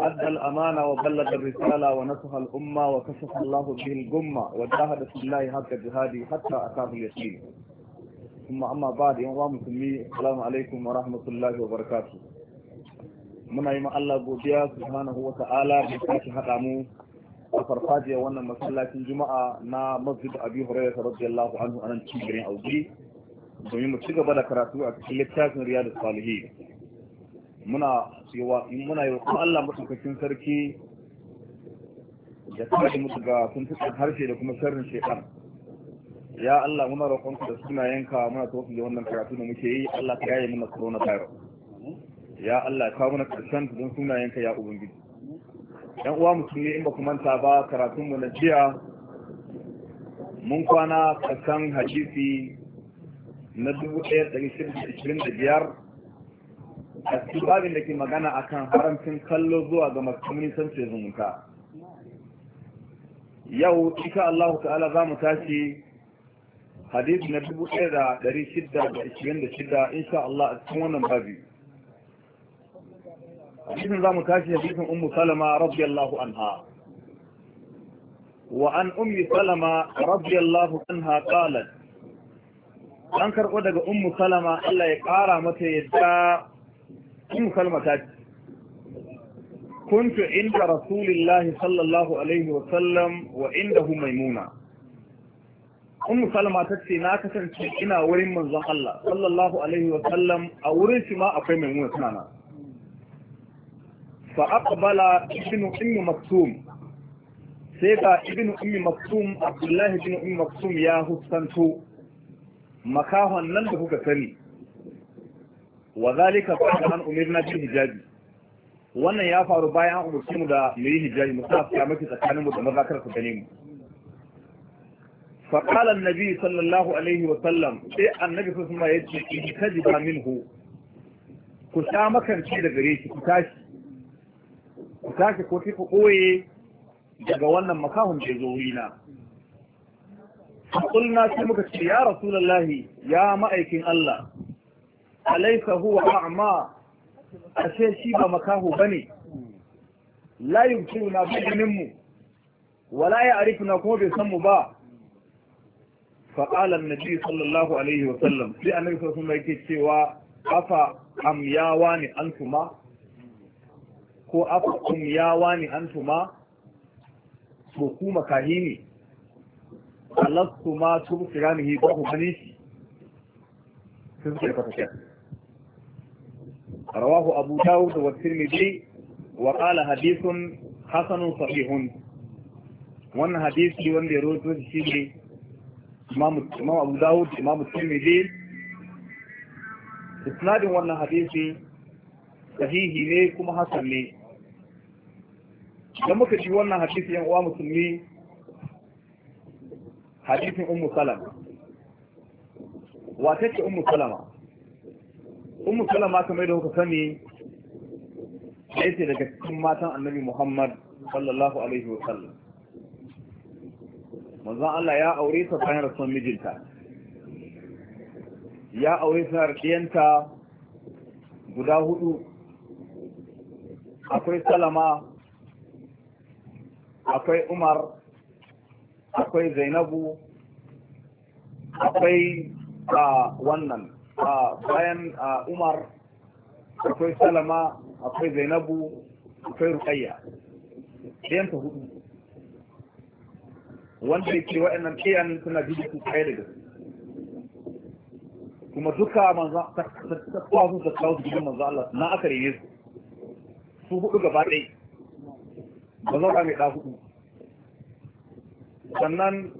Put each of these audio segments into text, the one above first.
أدى الأمانة وبلغ الرسالة ونصح الأمة وكشف الله به الجمة وجاهد في الله حق جهاده حتى أتاه اليقين ثم أما بعد يا مسلمي السلام عليكم ورحمة الله وبركاته من أيما الله بوديا سبحانه وتعالى بكاش حقامو وفرفاجي وانا مسلاة الجمعة نا مسجد أبي هريرة رضي الله عنه أنا نتشبرين أو جي domin mu ci gaba da karatu a cikin littafin riyadu salihin muna cewa in muna yi kuma Allah madaukakin sarki da kare mu daga tuntuɓin harshe da kuma sharrin shekar ya Allah muna roƙonku da sunayenka muna tofi da wannan karatu da muke yi Allah ka yaye mana virus ya Allah ka muna karshen don sunayenka ya ubangiji yan uwa musulmi in ba ku manta ba karatun mu na jiya mun kwana karshen hadisi na dubu ɗaya ɗari shida da ishirin da biyar a cikin babin da ke magana a kan haramcin kallo zuwa ga makamunisan ce zumunta yau ika Allah ta'ala za mu tashi hadisi na 1626 insha Allah a cikin wannan babi hadisin za mu tashi hadisin ummu salama radiyallahu anha wa an ummi salama radiyallahu anha qalat an karɓo daga ummu salama Allah ya ƙara mata yadda Kun kalmata ce kuntu inda rasulillahi sallallahu alaihi wa sallam hu indahu maimuna ummu salma ta ce na kasance ina wurin manzon Allah sallallahu alaihi wa sallam a wurin shi ma akwai maimuna tana na fa aqbala ibnu ummi maktum sai ga ibnu ummi maktum abdullahi ibnu ummi maktum ya huskanto makahon nan da kuka sani wa zalika ba'da an umirna bil hijabi wannan ya faru bayan an umarci mu da mu yi hijabi mu sa ya mace tsakanin mu da maza kar su gane mu fa annabi sallallahu alaihi wa sallam sai annabi sallallahu alaihi wa sallam yace ihtajiba minhu ku sha makanci da gare shi ku tashi ku tashi ko ku koye daga wannan makahun da zo wina kulna sai muka ce ya rasulullahi ya ma'aikin Allah alaysa huwa a'ma ashe shi ba makaho bane la yubtiruna bi ilmin mu wala ya'rifuna kuma bai san mu ba fa qala an-nabi sallallahu alaihi wa sallam sai annabi sallallahu alaihi yake cewa afa amyawa ne antuma ko afa kumyawa ne antuma ko kuma kahini Allah kuma tubsiranihi ba ku ganin shi sai suka fata رواه أبو داود والترمذي وقال حديث حسن صحيح وان حديث لي وان يروت وشيلي امام أبو داود إمام الترمذي إسناد وان حديث صحيح لي كما حسن لي لما كتي وان حديث يان أوا مسلمي حديث أم سلمة واتت أم سلمة ummu salama kamar da kuka sani ɗaya ce daga cikin matan annabi muhammad sallallahu alaihi wa sallam manzon Allah ya aure ta bayan mijinta ya aure ta ɗiyanta guda hudu akwai salama akwai umar akwai zainabu akwai a ah, wannan bayan umar akwai salama akwai zainabu akwai rukayya ɗayan ta hudu wanda ke wa'annan ɗayan suna jiji su kai daga kuma duka manzan ta kwasu ta kawo su gidan manzan Allah na aka rene su su hudu gaba ɗaya ba zaura mai ɗa hudu sannan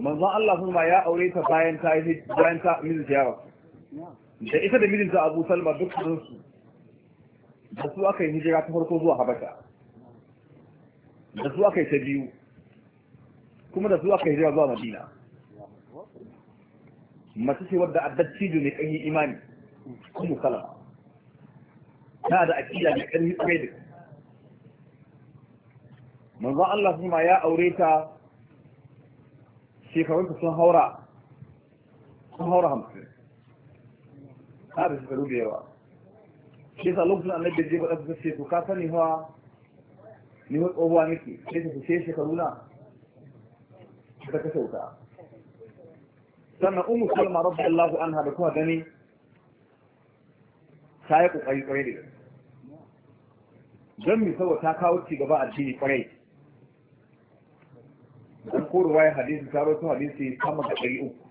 manzon Allah sun ma ya aure ta bayan ta yi bayan ta mijinta ya rasu da ita da mijinta Abu Salma duk sun su da su aka yi hijira ta farko zuwa Habasha da su aka yi ta biyu kuma da su aka yi hijira zuwa Madina mace ce wadda addaccijo ne kan yi imani kuma salama na da akida ne kan yi tsaye da manzon Allah sun ma ya aure ta shekarunta sun haura sun haura hamsin ta da shekaru da yawa shi yasa lokacin annabi je faɗa ta ce to ka sani hawa ni wa tsohuwa nake sai ta ce shekaru na ta ka wuta sannan umu salma allahu an hada kuma gani ta yi kokari kwarai da gani don mi saboda ta kawo ci gaba a cikin kwarai ko ruwaya hadisi ta rawaito hadisi sama da ɗari uku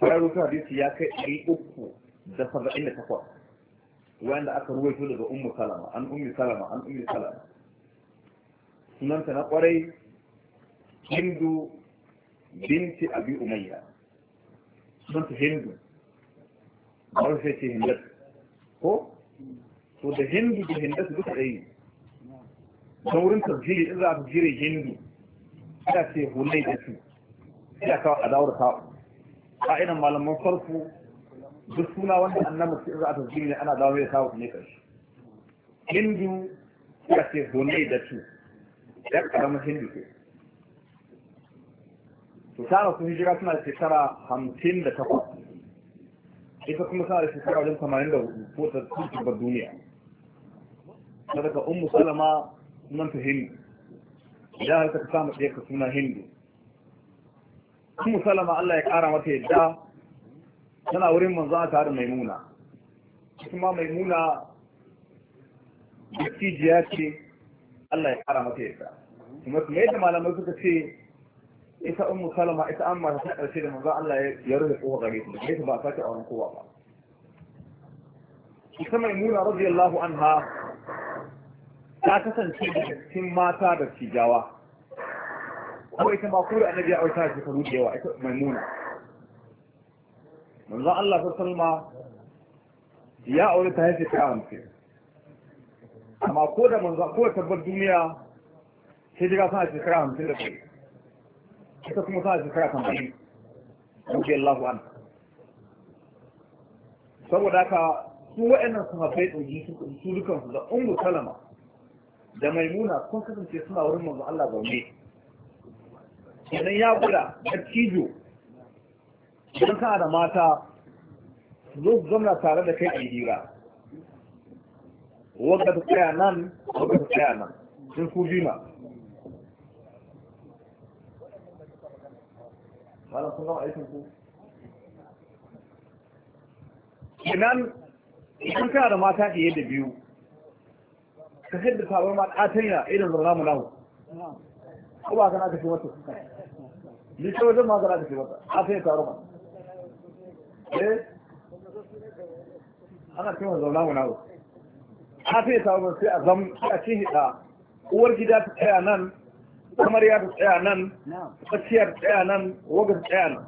ta rawaito hadisi ya kai ɗari uku da saba'in da takwas wanda aka ruwaito daga ummu salama an ummu salama an ummu salama sunanta na kwarai hindu binti abi umayya sunanta hindu ba wani sai ce Hindu. ko to da hindu da hindu su duka ɗaya don wurin tafsiri in za a tafsirin hindu ina ce hulai da su ina kawo a dawar kawo ka'idan malaman farko duk suna wanda annabi sai za a tasiri ne ana dawo mai kawo ne karshe hindu ina ce hulai da su ya karamin hindu ke to tara sun hijira suna da shekara hamsin da takwas ita kuma suna da shekara wajen tamanin da hudu ko ta tuntun duniya sadaka ummu salama nan ta hindu ya halitta ka samu ɗaya ka suna hindu kuma salama Allah ya ƙara mata yadda tana wurin manzo a tare maimuna kuma mai maimuna dattijiya ce Allah ya ƙara mata yadda kuma kuma yadda malamai suka ce ita ummu salama ita an mata ta ƙarshe da manzo Allah ya rufe kowa gare ta ita ba a sake auren kowa ba ita maimuna radiyallahu anha ta kasance da cikin mata da cijawa kuma ita ma kuri annabi ya aurata da shekaru da yawa ita maimuna manzon Allah ta salma ya aure ta haifi ta amfi amma ko da manzon ko da tabbar duniya sai jira sana kara hamsin da kai ita kuma sana kara kamfani rabbi Allahu an saboda haka su wa'annan sahabbai ɗauki su dukansu da ungu salama da maimuna kun kasance suna wurin manzo Allah zaune idan ya gura dattijo idan ka da mata zo zamna tare da kai a hira wadda ta tsaya nan wadda ta tsaya nan sun ku jima malam sun gama aikin ku kenan idan kana da mata fiye da biyu تخذ الكهرباء وما تعطينا إلى الرغام له هو كان عادي في وقته ليش هو ما كان عادي في وقته عطينا الكهرباء ليه؟ أنا كيف أظن له له عطينا الكهرباء في أظن في أشيه لا أول كده تتعنن أمريا تتعنن أشياء نعم. تتعنن وقت تتعنن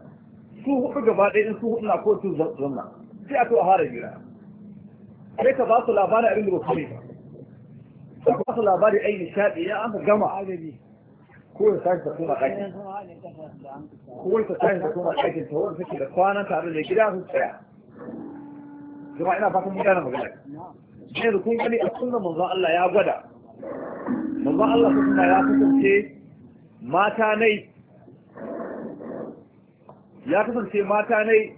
سوء قبائل إن سوء نقول سوء ظنن في أتو أهاري جدا ليه تضاصل أبانا أبين da ba su labari ai nishaɗi ya aka gama ko ya tashi da kuma ɗakin ko ta tashi da kuma ɗakin ta wanda suke da kwanan tare da gida su tsaya kuma ina fatan mun magana. magana yanzu kun gani a sunan manzon Allah ya gwada manzon Allah suna ya kasance mata nai ya kasance mata nai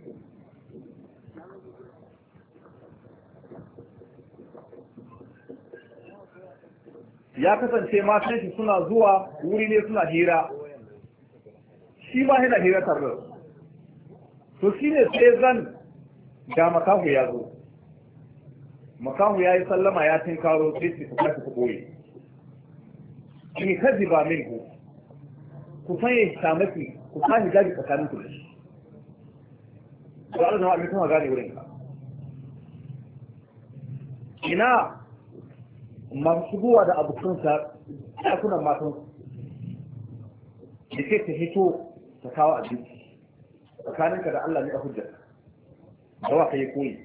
ya kasance matan shi suna zuwa wuri ne suna hira shi ma yana hira tare to shi ne sai zan ga makahu ya zo makahu ya yi sallama ya tin karo sai su kuka su koyi in kazi ba min ku ku fanye mafi ku fanye gaji tsakanin ku da shi to Allah na wa gane wurin ka ina masu shigowa da abokansa ɗakunan matan da ke ta hito ta kawo abinci tsakaninka da Allah ne a hujjar da waka ka yi koyi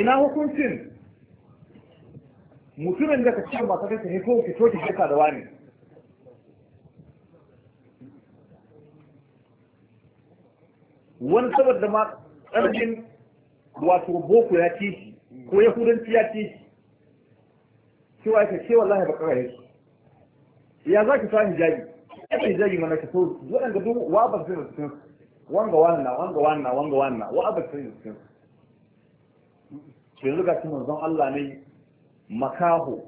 ina hukuncin mutumin da ka ce masu kai ta hito ki toki jika da wani wani saboda ma ƙarfin wato boko ya ci shi ko hudun ya ci shi cewa ya ce wallahi ba ya yake ya za ka sa jaji? ya ce hijabi mana ka so waɗanda duk wa ba da cikin wanga wanna wanga wanna wanga wanna wa ba da cikin to yanzu ga shi manzon Allah ne makaho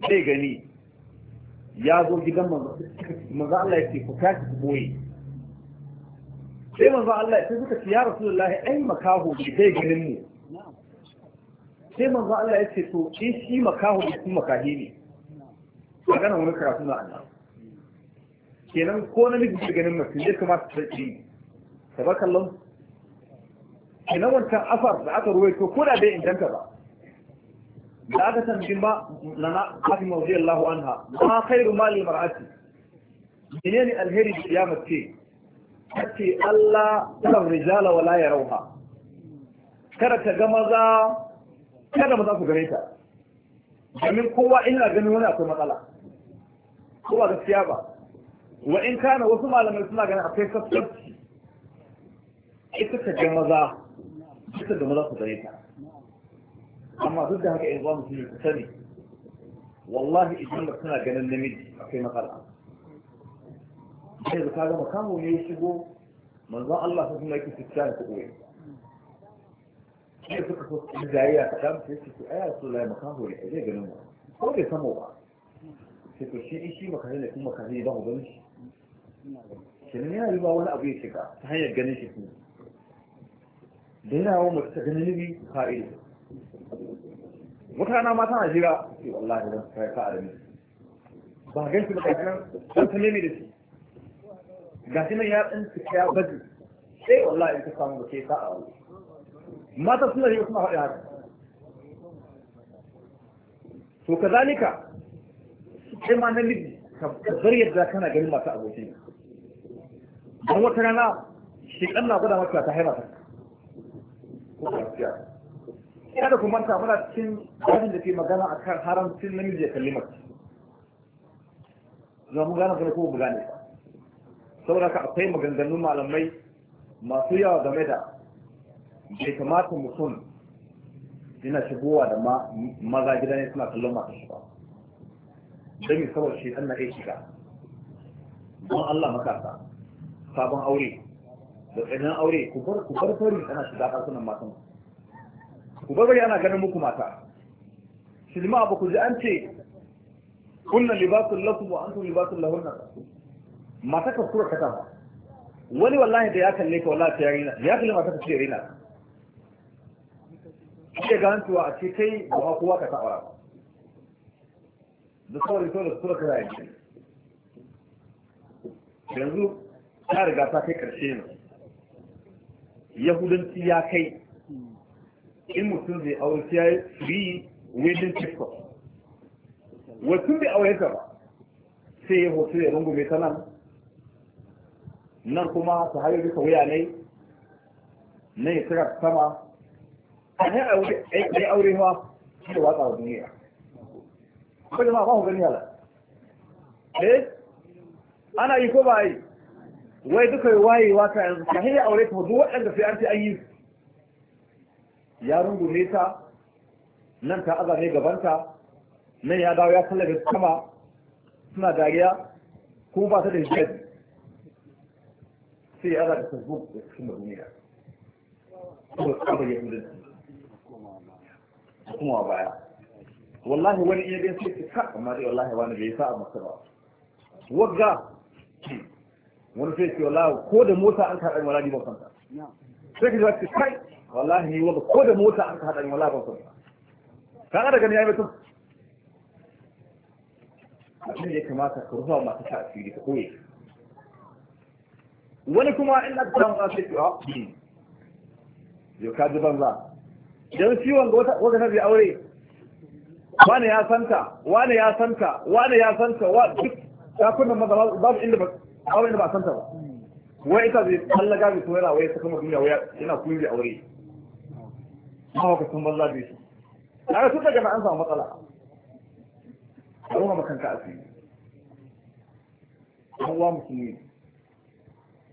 bai gani ya zo gidan manzon manzon Allah ya ce ku tashi ku boye sai manzo Allah sai suka ce ya rasulullahi ai makaho bai zai ganin mu sai manzo Allah ya ce to in shi makaho bai kuma makahi ne magana wani karatu na Allah kenan ko na miji bai ganin mutum ya kamata ta ci tabakallon kenan wancan afar da aka ruwaito ko da bai inganta ba da aka tambayin ba na na Fatima radiyallahu anha ma khairu mali mar'ati menene alheri da ya mace kace Allah kan rijala wala ya kada ta ga maza kada maza ku gane ta domin kowa ina ganin wani akwai matsala ko ba gaskiya ba wa in kana wasu malamai suna ganin akwai sassauci ita ta ga maza ita ga maza ku gane ta amma duk da haka in zuwa musulmi ku sani wallahi idan ba suna ganin namiji akwai matsala sai da kaga makamu ne ya shigo manzon Allah sun kuma yake fitana ta koyi sai suka so su jariya ta dan sai su ai su lai makaho ne zai ganin mu ko bai samu ba sai to shi shi makamu ne kuma makamu ba mu ganin shi kenan yana yi ba wani abu ya shiga ta hanyar ganin shi kuma da yana wa mutu ta ganin ni fa'ida mutana ma tana jira wallahi dan kai ka adami ba gan shi ba kan san ne da shi ga shi ya ɗan ya baji sai wallahi in ka samu ba sai ka a wani mata suna yi kuma faɗi haka to kazalika sai ma namiji ka bar yadda kana ganin masu abokin don wata rana shi ɗan na gwada maka ta haifa ta ko gaskiya ina da kuma ta muna cikin gajin da ke magana a kan haramcin namiji ya kalli mace zama gane kuma ko mu gane ba saboda ka akwai maganganun malamai masu yawa game da bai kamata mutum yana shigowa da maza gida ne suna kallon masu shi ba don yi saboda shi ana iya shiga don Allah makasa sabon aure da tsanin aure ku bar fari ana shiga harsunan matan ku bar bari ana ganin muku mata shi ma ba ku ji an ce kunna libasun lakum wa antum libasun lahunna mata ka kura ka tafa wani wallahi da ya kalle ka wallahi ya rina ya kalle mata ka ce rina ga gantuwa a ce kai ba kowa ka ta ba da saboda ita da kura ka zai yanzu ta riga ta kai karshe ne yahudanci ya kai in mutum zai aure ta yi free wedding tiktok wasu bai aure ta ba sai ya hoto ya rungume ta nan nan kuma su hayo bisa wuya ne ne ya sama sama a ne aure ma shi da watsa wa duniya ko da ma ba ku gani hala eh ana yi ko ba yi wai duka yi waye ta yanzu ka hanyar aure ta hudu waɗanda sai an ce an yi ya rungume ta nan ta aza ne gabanta nan ya dawo ya sallabe sama suna dariya kuma ba ta da hijabi sai ya facebook da cikin duniya kuma ya kuma baya wallahi wani iya sai ka amma dai wallahi wani bai sa a masa ba wagga wani sai ce wallahi ko da mota an wala ni ba san ta sai ka kai wallahi ni ko da mota an wala ba san ta ka ga daga ne ai mutum abin da ya kamata ka rufa masu ta asiri ka koye wani kuma ina da samu a sai ah, ya yau ka ji banza don ciwon ga wata ta aure wane ya santa wane ya santa wane ya santa wa duk kuma maza babu inda ba babu inda ba santa ba wai ita zai tallaga bi yana wai saka mu duniya waya yana kuyi da aure ma ka san banza da shi kaga tun daga an samu matsala a ruwa makanka asiri an uwa musulmi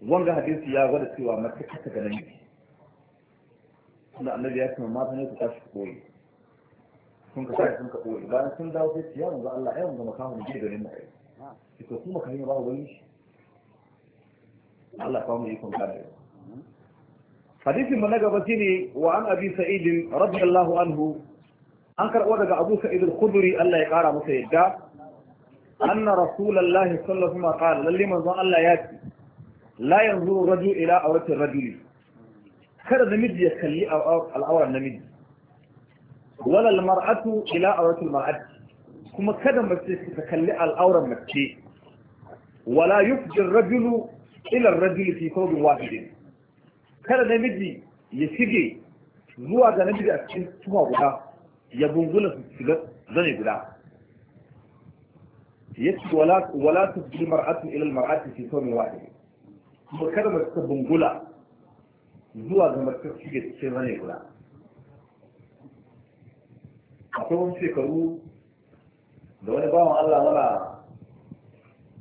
wanga hadisi ya gwada cewa mace kasa ga nan tunda annabi ya kuma mata ne ku tashi ku koyi sun ka sai sun ka koyi bayan sun dawo sai ciya wanzu Allah ya wanzu makamu ne gidan nan ai kai ita kuma kai ne ba wani shi Allah kawo mu yi ikon kada hadisin mu na gaba shine wa an abi sa'id radiyallahu anhu an karɓo daga abu sa'id al-khudri Allah ya kara masa yadda anna rasulullahi sallallahu alaihi wasallam qala lalliman manzon Allah ya ce la yanzu rajul ila auratin rajuli kada namiji ya kalli al'auran namiji wala mar'atu ila auratil mar'ati kuma kada mace ta kalli al'auran mace wala yufji rajulu ila rajuli fi thawbin wahidin kada namiji ya shige zuwa ga namiji a cikin tuma guda ya gungula su shiga zane guda yace wala wala tufji mar'atu ila almar'ati fi thawbin wahidin kuma kada mace ta bungula zuwa ga mace ta shige cikin rane gula akwai wani shekaru da wani bawan Allah mana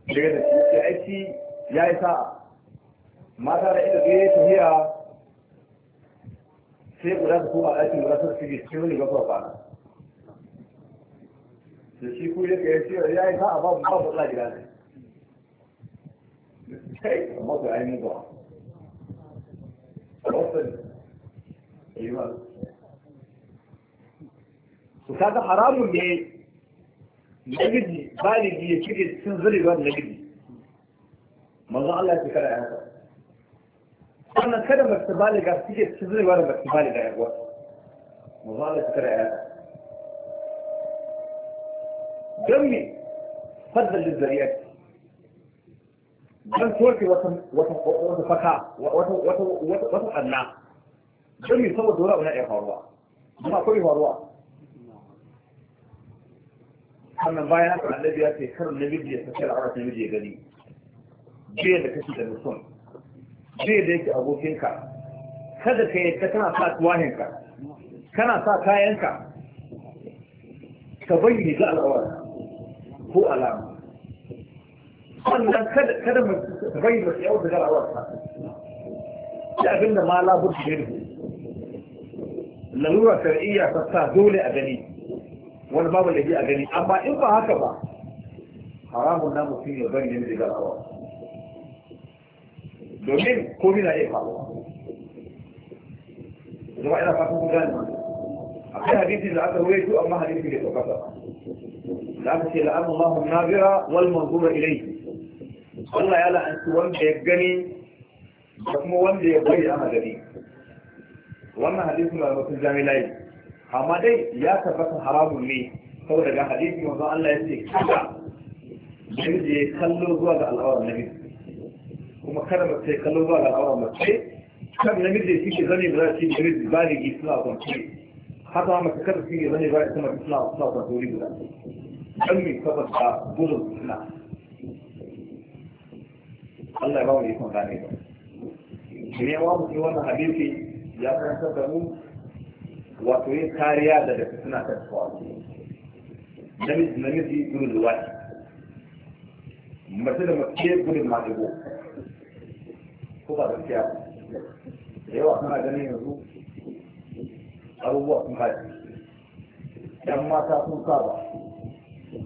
daga da shi ya aiki ya yi sa'a mata da ita zai ya tafiya sai guda ta koma da guda ta shige cikin rane guda ba da shi ku ya kai ya yi sa'a babu babu Allah gida ne شيء الماضي عليه مضاعف الوصل ايوه وكذا حرام اللي نجدني بالي دي كده تنزلي بقى نجدني ما ظل الله تكرع هذا أنا كده مكتبالي قال تيجي تنزلي بقى مكتبالي ده يقوى ما ظل الله تكرع هذا جمي فضل للذريات don soke wata faka wata ƙanna don yi saboda wani abu na iya faruwa kuma akwai faruwa sannan bayan haka annabi ya ce karin namiji ya sake al'aurar namiji ya gani je da kashi da mutum je da yake abokinka kada ka yadda kana sa tuwahinka kana sa kayanka ka bayyana ga al'aurar ko alama sannan kada mu bai mu yau da garawar ta abin da ma labur shi ne lalura shar'iyya ta sa dole a gani wani babu laifi a gani amma in ba haka ba haramun na mutum ya bari ne da garawa domin komi na iya faruwa zama ina fatan ku gane akwai hadisi da aka ruwaito amma hadisi da ya tabbata da aka ce la'amma mahum nabira wal manzura ilayhi Allah ya la'anci wanda ya gani da kuma wanda ya bari a gani wannan hadisi na mutum jami'ai amma dai ya tabbata haramun ne saboda ga hadisi manzo Allah ya ce kada jirgi ya kallo zuwa ga al'awar nabi kuma kada mu sai kallo zuwa ga al'awar mace kan namiji shi ke zane ba shi su yi jirgi ba ne gi suna kwanci haka mace kada su yi zane ba shi ita mace suna kwanci guda don me saboda gudun suna Allah ya ba mu ikon gane ba Ne wa mu wannan hadisi ya karanta da mu wato yin kariya da daga suna tattawa namiji namiji gudun luwaki mace da mace gudun maɗigo ko ba gaskiya da yawa suna ganin yanzu abubuwa sun haɗe. yan mata sun saba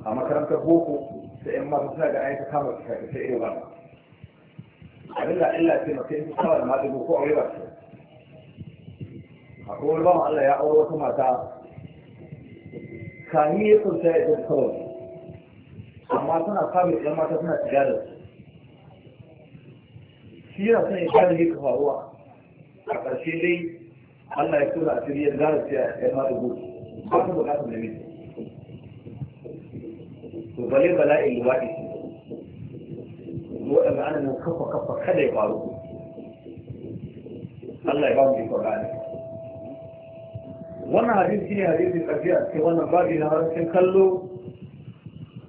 a makarantar boko sai yan mata suna da aika kama su kai sai irin wannan Abin da Allah ce mace in kawar ma dubu ko aure ba a kowar bawan Allah ya aure wata mata kani ya kunta ya zai kawai amma tana samun ɗan mata suna shiga shi yana son ya kare yake faruwa a ƙarshe dai Allah ya tura a shirya gara ce ya ma dubu ba ta bukatar da miji to bale bala'in luwaɗi waɗanda ana nan kafa kafa kada ya faru Allah ya ba mu ikon gane wannan hadisi ne hadisin ƙarfi a cikin wannan babi na harshen kallo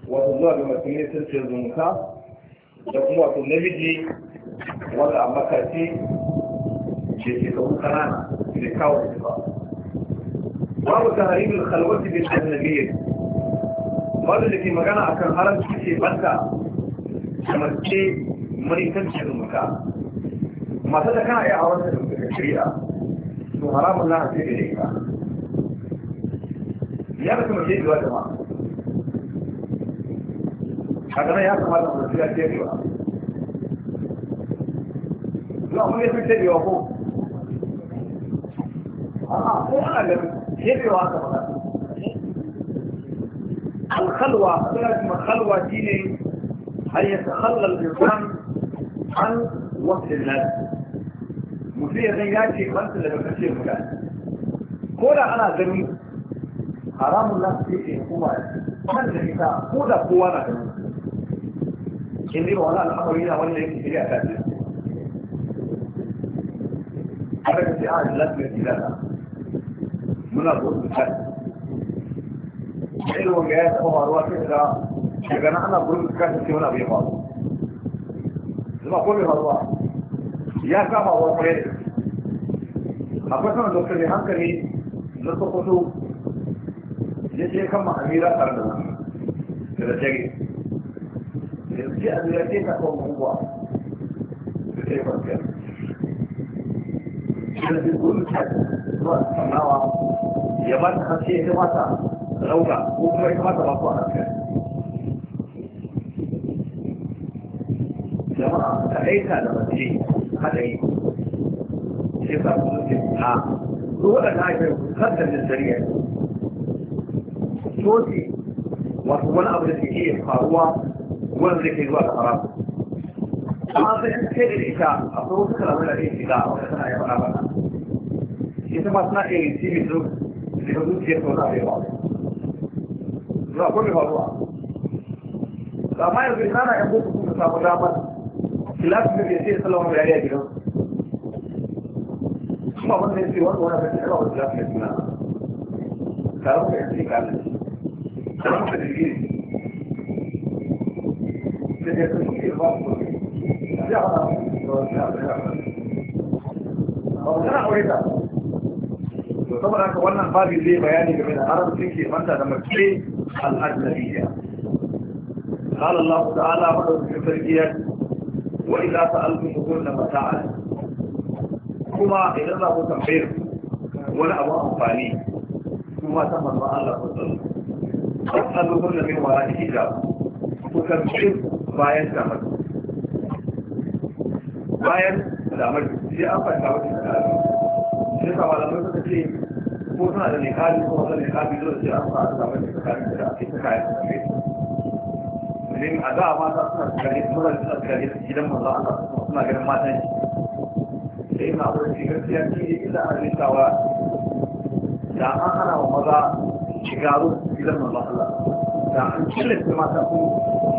wato zuwa ga mutum sun ce zumunta da kuma wato namiji wanda a makace ke shekaru kanana da kawo da ba babu ta haribin halwati bin annabiyyi wanda da ke magana akan haramci ke banta da mace marikanci zumunta masu da kana iya hawan da daga shirya to haramun na sai da ya ka ya rasu mace da wata ma a ganin ya kamata mu tsira ce da zuwa mun yi fice da ko a'a ko ana ganin kebewa aka faɗa alkhalwa suna kuma khalwa ne. أن يتخلى الإنسان عن وصف الناس وفي غياتي كنت لما كثير مكان كولا أنا جميل حرام الله فيه هو من ذكتا كولا قوانا جميل إني ولا الأمر هنا ولا يكتبها فاتح هذا كتعاج لازم يتلالا من أبوه بحاجة حلو جاءت أمر وكذا daga ana gurin kashin sai wani abu ya faru zama ko mai faruwa ya kama wa kwaye akwai sanar da ne hankali na sokoto ya ce kan ma'amira tare da nan da da jage da ya ce a zira ce ka kawo mahuwa da ta yi kwanciyar da gurin kashin zuwa sanawa ya ba ta ya mata kuma ya mata ba kaɗai ta da mace haɗari, shi sa kuma ce a su waɗanda ake sassan da zariya sosi wato wani abu da ke iya faruwa wanda zai ke zuwa ga haram amma sai an kai da ita akwai wasu kalamai da zai shiga a wata tana ya faɗa ba ita ma suna iya rinci mai duk daga zuciyar sau na bai ba zuwa kome faruwa amma yanzu ina na yan boko kuma samu damar خلاف ابن يسير صلى الله عليه وسلم ما ظن يسير وانا بسأله خلاف الاسماء خلاف يسير كامل خلاف الجيل سيكون في الوقت جعل وطبعا haka wannan babin zai bayani game da arabcin ke manta da mace al'adnabiya قال الله تعالى فرقية wa idza sa'altum kunna mata'an kuma idan za ku tambaye wani abu amfani kuma ta manzo Allah ku tsaro fasalu na min wara'i hijab ku tambaye bayan damar bayan da mutu sai an fara wata tsaro sai ka wala mutu ta ce ko suna da nikali ko wala nikali dole sai an da mutu da ita kare domin a ga mata suna tsirari suna da suna gidan manzo Allah suna ganin matan shi sai ma abin da gaskiya shi illa a rintawa da an hana wa maza shiga gidan manzo Allah da an killace mata ku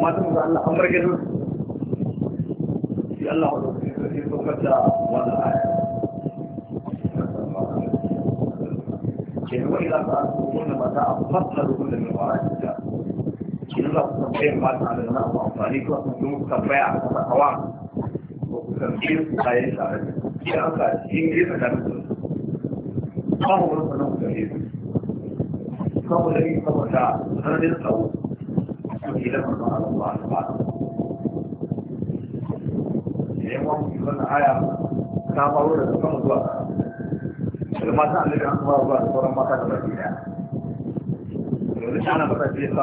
mata manzo Allah an bar gidan shi Allah wa sai saukar da wannan aya kenan wa'ila ta kuma mata a fasar kullum da wa'ala shi za ku tambayar mata da na abu amfani ko ku kuma tambaya a kasa hawa ko ku tambaye su bayan tare da shi an ka shi ne da da su ba mu wani sanan ku gare su saboda ni saboda sanadin tsawo su ke da manzon Allah ta ba da yawan wannan aya ta faru daga sama zuwa Daga mata annabi an zuwa zuwa da sauran mata da baki daya domin ana fara ce sa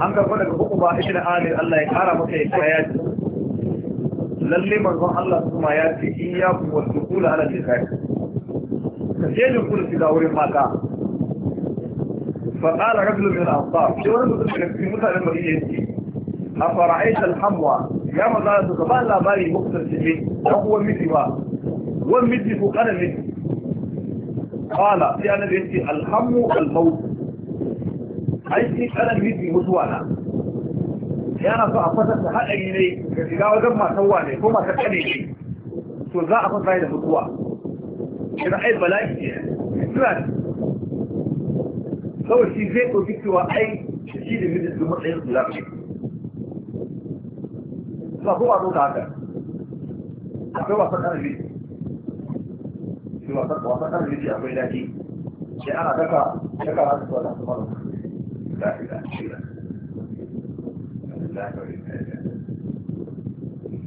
an karɓa daga uku ba ishi da amir Allah ya ƙara maka ya kaya ji lalle manzon Allah kuma ya ce in ya kuwa kula ala ce kai ka je ni kula shiga wurin mata فقال رجل من الأنصار شو رجل في مثلا مدينة أفرأيت الحموى يا مزارة تقبال لا بالي مقتل سبيل وهو مثلها ومثل فقال مثل ya يعني بنتي الحم الموت aiki shi kanan miji mutuwa na yana so a da haɗari ne ga shiga wajen matan wane ko masu kane ne to za a fasa da mutuwa shi ai bala'i ne suna kawai shi zai ɗauki cewa ai shi da miji su matsayin su lafi ba kuma zo ta haka akwai wasan kanan miji shi wasan kanan miji akwai daji sai ana daka daka rasu wata su لله الأمثلة لله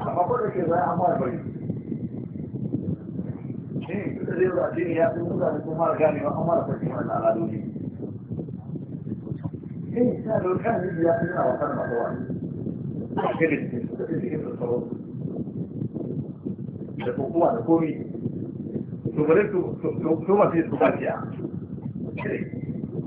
ولله أما كل شيء ضيع ما يبين zai zuwa jini ya kuma mara ganewa an mara sarki wani ne. Eh, da wani kan jini ya fi yana wasan masu wani. A shirin ne, da su cikin sassaro. Da kokowa da komi. To bari su mafi su kafiya. Shirin.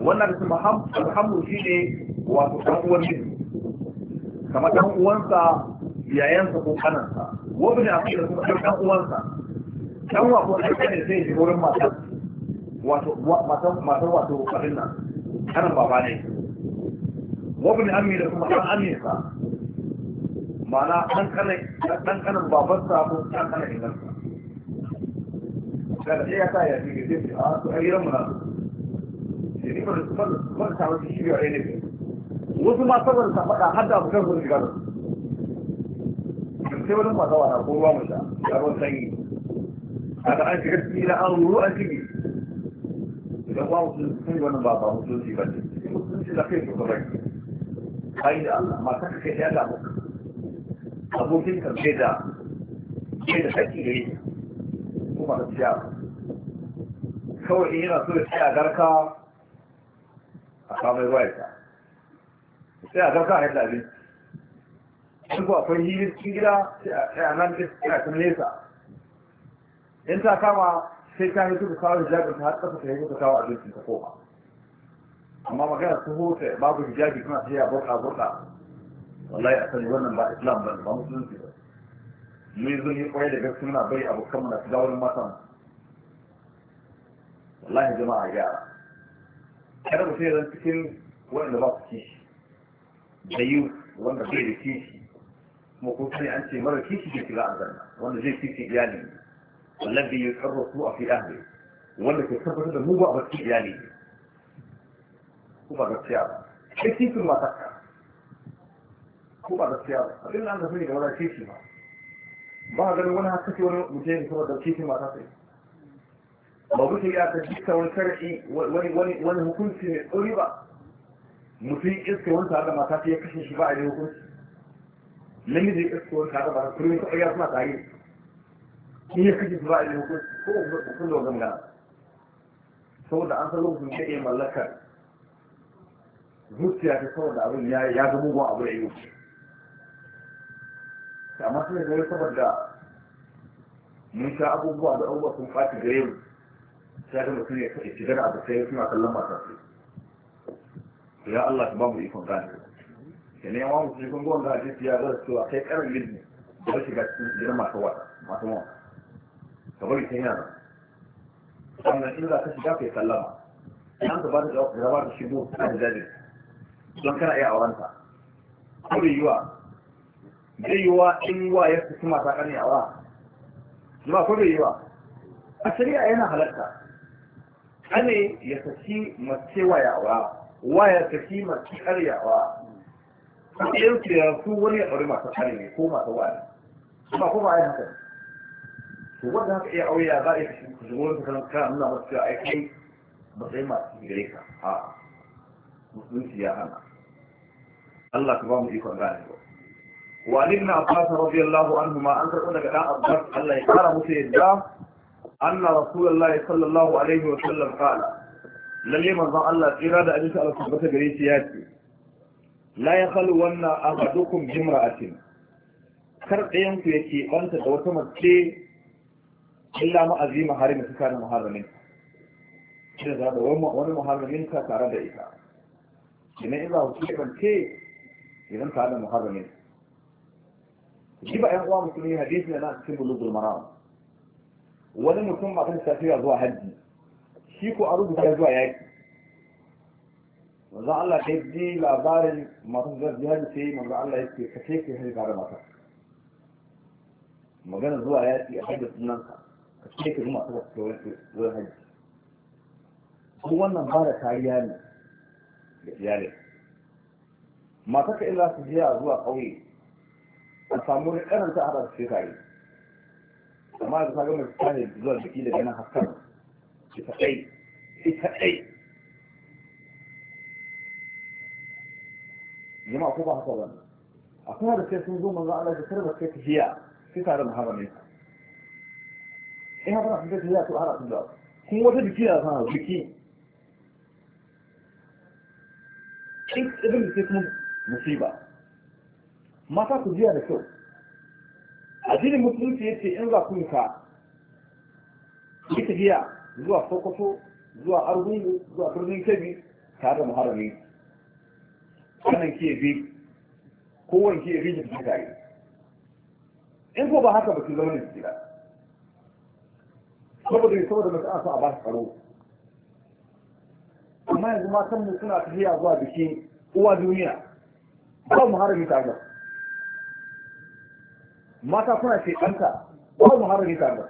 wannan kuma alhamdu shi ne wato ɗan uwan jini kamar ɗan uwansa yayansa ko kanansa wani ne akwai da kuma ɗan uwansa ɗan wa ko ɗan ne sai shi wurin matan wato matan wato wato karin nan kanan baba ne wani ne amina kuma ɗan aminsa ma'ana ɗan kanan ɗan kanan babansa ko ɗan kanan ingansa kada sai ya sa ya fi gaje a su ayyuran mu na su ci ribar kwanta wasu shirya a yanayi wasu ma saboda ta faɗa har da abokan kan gudu shigar sai wani kwasa wata ko ruwa mu sha da sanyi a ga an shiga ciki na an ruwa a ciki idan ba mutum sun yi wannan ba ba mutum shi ba ce mutum shi da kai shi kuma bai da Allah mata ka kai ya damu abokin ka kai da kai da saki da yi kuma da ciya kawai yana so ya tsaya garka a kamar ruwa ya sai a zauka a yadda abin in ko akwai hili cikin gida sai a nan sai a nesa in ta kama sai ta yi duka kawo hijabin ta har ta yi duka kawo abincin ta koma amma magana su hote babu hijabi suna ta yi a burka burka wallahi a sani wannan ba islam ba ba musulunci ba mun zo ni kwaye da gaske muna bai abokanmu na shiga wurin matan wallahi jama'a gyara kada mutum ya zan cikin wanda ba su kishi da yi wanda bai da kishi kuma kun sani an ce mara kishi ke shiga a zanna wanda zai kishi iyali wallafi ya karra su a fi ahli wanda ke tabbatar da mu ba a wasu iyali ne kuma gaskiya ba sai kishin matakka kuma gaskiya ba abin da an zafi ne da wani kishi ba ba a ganin wani haskake wani mutum ya kuma da kishin matakka ba wuce ya ta jika wani sarki wani hukunci mai tsori ba mutum iska wani tare da mata ya kashe shi ba a yi hukunci namiji iska wani tare da mata kullum ta ɓarya suna tare in ya kashe shi ba a yi hukunci ko hukun da wajen gana saboda an san lokacin da ya mallakar zuciya ta saboda abin ya zama mugun abu da yau amma sai sun yi saboda mun sha abubuwa da abubuwa sun faci gare mu sai ga mutum ya shigar a da sai suna kallon matarsa ya Allah ka ba mu ikon gane ya ne yawan mutum kun gwan da hadisi ya zara cewa kai karin lid ne da shiga cikin gidan masu wata masu mawa ka bari sai yana sannan in za ka shiga kai sallama an ka ba da gaba da shigo a jajin don kana iya aurenta kuri yiwa zai yiwa in wa ya fi kuma ta karni awa zuma kuri yiwa a shari'a yana halarta. ane ya saki mace wayawa wa ya saki mace karyawa ɗayan su ya su wani ya ɗauri masu kare ne ko masu wani kuma ko ba a yi haka to wanda haka iya auya za a yi zuwa su kan kan nuna masu cewa aiki ba sai masu gare ka a musulunci ya hana Allah ka ba mu ikon gane ba wa ibn abbas yallahu anhu ma an karɓo daga ɗan abbas Allah ya kara musu yadda anna rasulullahi sallallahu alaihi wa sallam qala lalle manzon Allah jira da abin Allah tabbata gare shi ya ce la yakhlu wanna ahadukum jimra'atin kar dayan ku yake banta da wata mace illa ma azima hari suka na muharramin kira da da wani wani muharramin ka tare da ita kina iza ku kance idan ka da muharramin shi ba uwa musulmi hadisi na cikin bulugul maram wani mutum matar ta tura zuwa hajji shi ko a rubuta zuwa yaki manzo Allah ta ji labarin masu zuwa jihar sai manzo Allah ya ce kace ke hajji da mata magana zuwa yaki a hajji sunan ka kace ke kuma ta zuwa hajji ko wannan ba da kariya ne da iyalin Mata ka illa su jiya zuwa kauye, a samu a haɗa su tare amma da ta gama ta ne zuwa jiki da ganin haskar ita ɗai ta ɗai jama'a ko ba haka ba A kuma da sai sun zo manzo Allah da tarbar kai tafiya sai tare da harame in haka sun tafiya to har sun da kun wata biki da sana biki in ibn sai kuma musiba mata ku jiya da kyau addinin musulunci yace in za ku yi ka yi tafiya zuwa sokoto zuwa argungu zuwa birnin kebbi tare da muharami wannan ke bi kowane ke bi da ta yi in ko ba haka ba ki zama da gida saboda ne saboda mace an so a ba su tsaro amma yanzu matan mu suna tafiya zuwa bikin uwa duniya ba muharami tare da su mata suna shekanta ba mu harami tare da